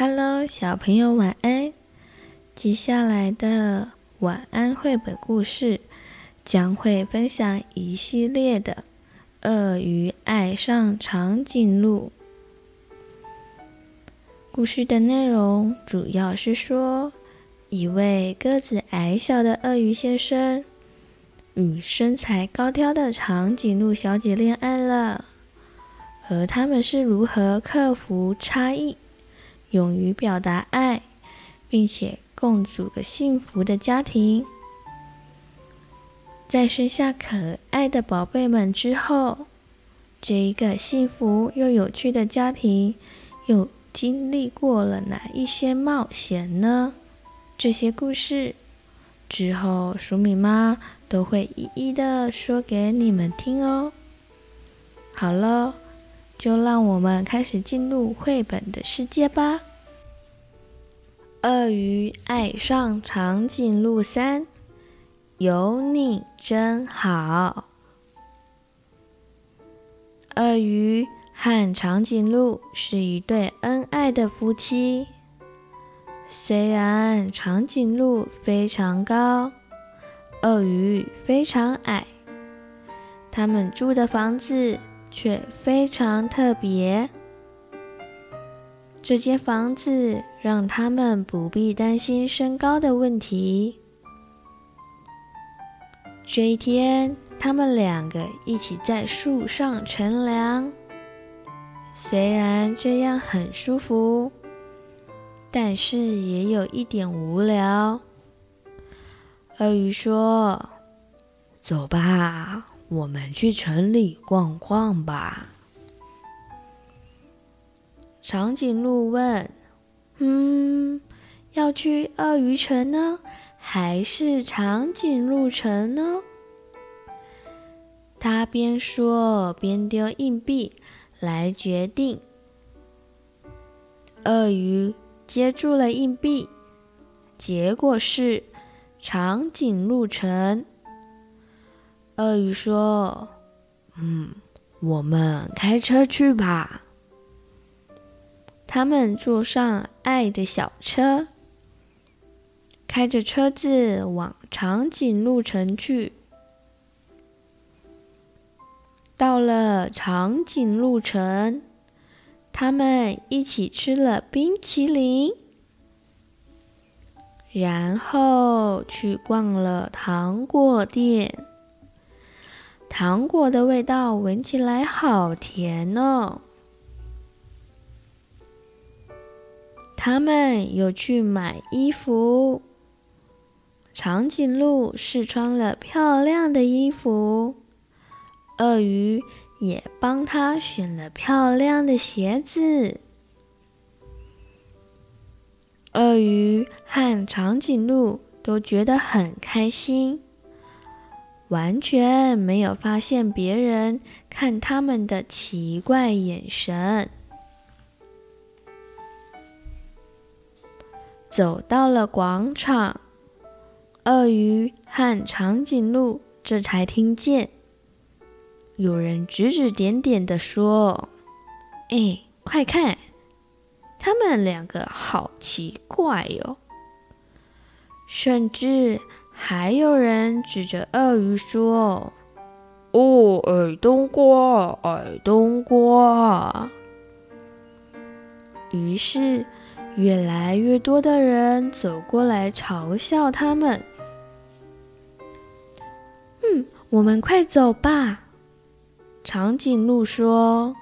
Hello，小朋友晚安。接下來的晚安繪本故事將會分享一系列的《鱷魚愛上長頸鹿》。故事的內容主要是說，一位個子矮小的鱷魚先生與身材高挑的長頸鹿小姐戀愛了，而他們是如何克服差異？勇於表達愛，並且共組個幸福的家庭，在生下可愛的寶貝們之後，這一個幸福又有趣的家庭又經歷過了哪一些冒險呢？這些故事之後，黍米媽都會一一的說給你們聽哦。好了，就讓我們開始進入繪本的世界吧。《鱷魚愛上長頸鹿三》，有你真好。鱷魚和長頸鹿是一對恩愛的夫妻。雖然長頸鹿非常高，鱷魚非常矮，他們住的房子卻非常特別。這間房子讓他們不必擔心身高的問題。這一天，他們兩個一起在樹上乘涼，雖然這樣很舒服，但是也有一點無聊。鱷魚說：“走吧，我們去城裡逛逛吧。”長頸鹿問：“嗯，要去鱷魚城呢？還是長頸鹿城呢？”他邊說邊丟硬幣來決定。鱷魚接住了硬幣，結果是長頸鹿城。鱷魚說：“嗯，我們開車去吧。”他們坐上愛的小車，開着車子往長頸鹿城去。到了長頸鹿城，他們一起吃了冰淇淋，然後去逛了糖果店。糖果的味道聞起來好甜哦。他們有去買衣服，長頸鹿試穿了漂亮的衣服，鱷魚也幫他選了漂亮的鞋子。鱷魚和長頸鹿都覺得很開心，完全沒有發現別人看他們的奇怪眼神。走到了廣場，鱷魚和長頸鹿這才聽見有人指指點點地說：“哎，快看，他們兩個好奇怪喲、哦！”甚至還有人指着鱷魚說：“哦，矮冬瓜，矮冬瓜。”於是。越來越多的人走過來嘲笑他們。嗯，我們快走吧！長頸鹿說：“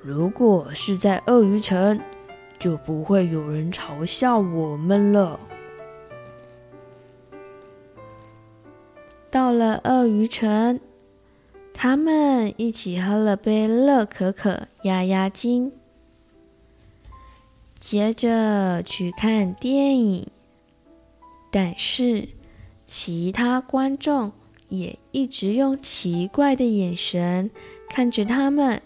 如果是在鱷魚城，就不會有人嘲笑我們了。”到了鱷魚城，他們一起喝了杯熱可可，壓壓驚。接着去看電影，但是其他觀眾也一直用奇怪的眼神看着他們，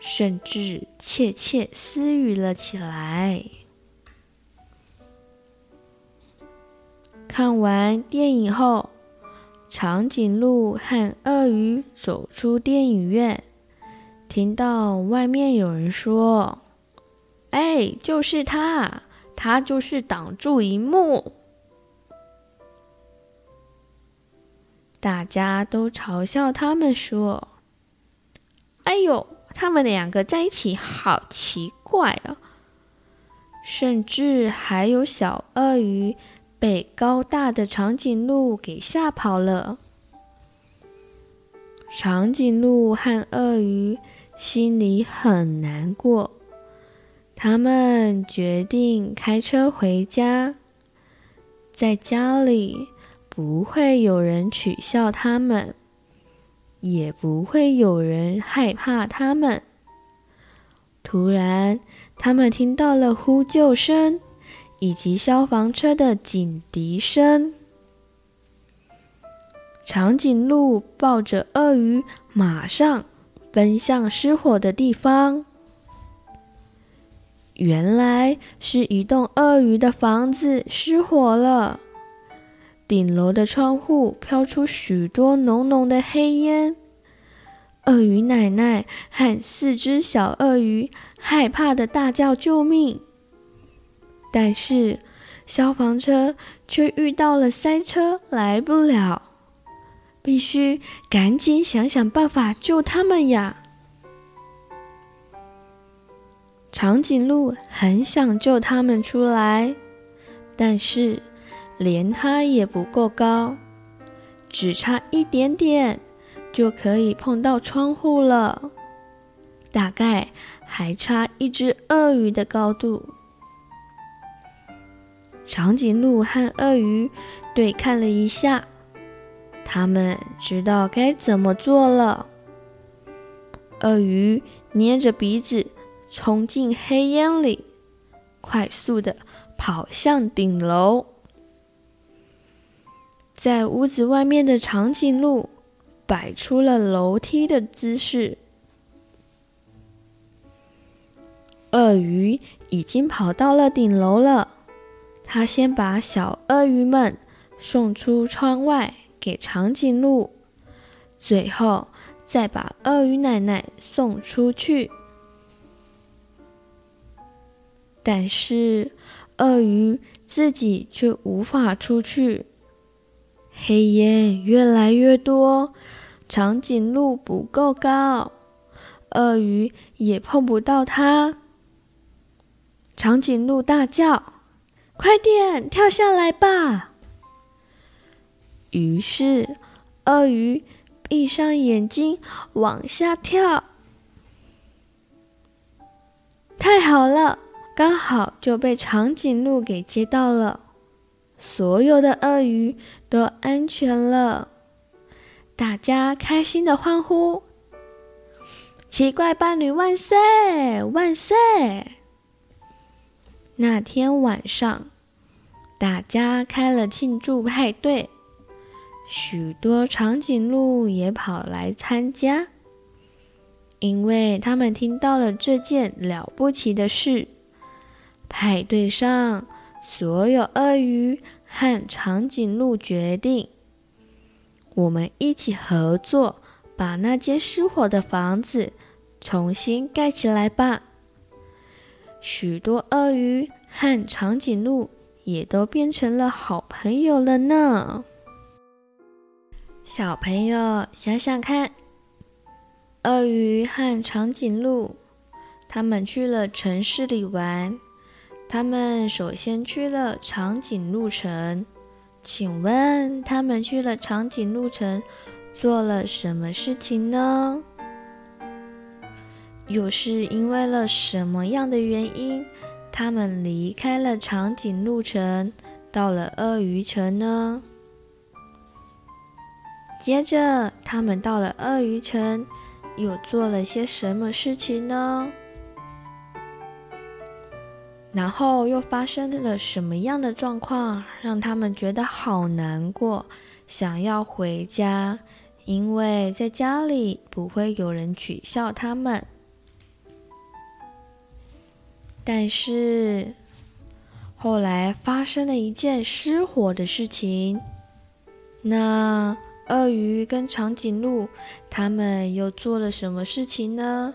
甚至竊竊私語了起來。看完電影後，長頸鹿和鱷魚走出電影院，聽到外面有人說。哎，就是他，他就是擋住螢幕。大家都嘲笑他們說：“哎呦，他們兩個在一起好奇怪哦！”甚至還有小鱷魚被高大的長頸鹿給嚇跑了。長頸鹿和鱷魚心裡很難過。他們決定開車回家，在家裡不會有人取笑他們，也不會有人害怕他們。突然，他們聽到了呼救聲，以及消防車的警笛聲。長頸鹿抱着鱷魚，馬上奔向失火的地方。原來是一棟鱷魚的房子失火了，頂樓的窗戶飄出許多濃濃的黑煙，鱷魚奶奶和四隻小鱷魚害怕的大叫救命，但是消防車卻遇到了塞車，來不了，必須趕緊想想辦法救他們呀。長頸鹿很想救他們出來，但是連它也不夠高，只差一點點就可以碰到窗戶了，大概還差一隻鱷魚的高度。長頸鹿和鱷魚對看了一下，他們知道該怎麼做了。鱷魚捏着鼻子，衝進黑煙裡，快速的跑向頂樓。在屋子外面的長頸鹿擺出了樓梯的姿勢，鱷魚已經跑到了頂樓了，他先把小鱷魚們送出窗外給長頸鹿，最後再把鱷魚奶奶送出去。但是，鱷魚自己卻無法出去。黑煙越來越多，長頸鹿不夠高，鱷魚也碰不到它。長頸鹿大叫：“快點跳下來吧！”於是，鱷魚閉上眼睛往下跳。太好了！剛好就被長頸鹿給接到了，所有的鱷魚都安全了，大家開心的歡呼：“奇怪伴侶萬歲萬歲！”那天晚上，大家開了慶祝派對，許多長頸鹿也跑來參加，因為他們聽到了這件了不起的事。派對上，所有鱷魚和長頸鹿決定我們一起合作，把那間失火的房子重新蓋起來吧。許多鱷魚和長頸鹿也都變成了好朋友了呢。小朋友，想想看，鱷魚和長頸鹿，他們去了城市裡玩。他們首先去了長頸鹿城，請問他們去了長頸鹿城做了什麼事情呢？又是因為了什麼樣的原因，他們離開了長頸鹿城，到了鱷魚城呢？接着他們到了鱷魚城，又做了些什麼事情呢？然後又發生了什麼樣的狀況，讓他們覺得好難過，想要回家，因為在家裡不會有人取笑他們。但是，後來發生了一件失火的事情，那鱷魚跟長頸鹿，他們又做了什麼事情呢？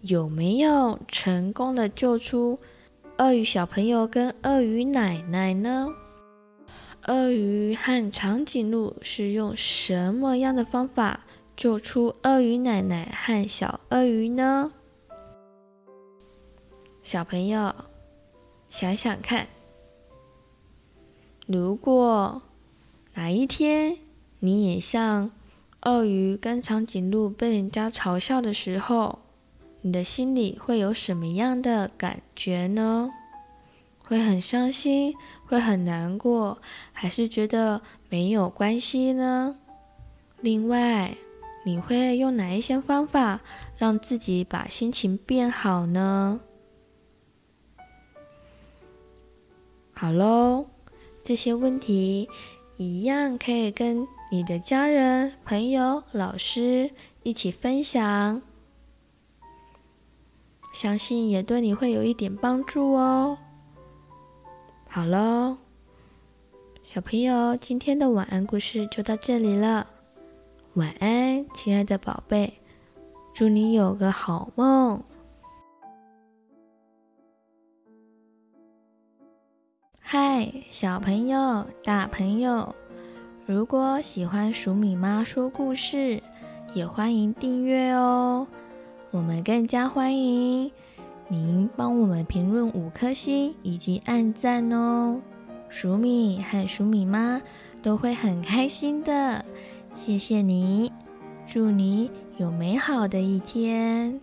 有沒有成功的救出？鱷魚小朋友跟鱷魚奶奶呢？鱷魚和長頸鹿是用什麼樣的方法救出鱷魚奶奶和小鱷魚呢？小朋友想想看，如果哪一天你也像鱷魚跟長頸鹿被人家嘲笑的時候，你的心裡會有什麼樣的感覺呢？會很傷心，會很難過，還是覺得沒有關係呢？另外，你會用哪一些方法讓自己把心情變好呢？好嘍，這些問題一樣可以跟你的家人、朋友、老師一起分享。相信也對你會有一點幫助哦。好嘍，小朋友，今天的晚安故事就到這裡了。晚安，親愛的寶貝，祝你有個好夢。嗨，小朋友、大朋友，如果喜歡《黍米媽說故事》，也歡迎訂閱哦。我們更加歡迎您幫我們評論五顆星以及按讚哦，黍米和黍米媽都會很開心的。謝謝你，祝你有美好的一天。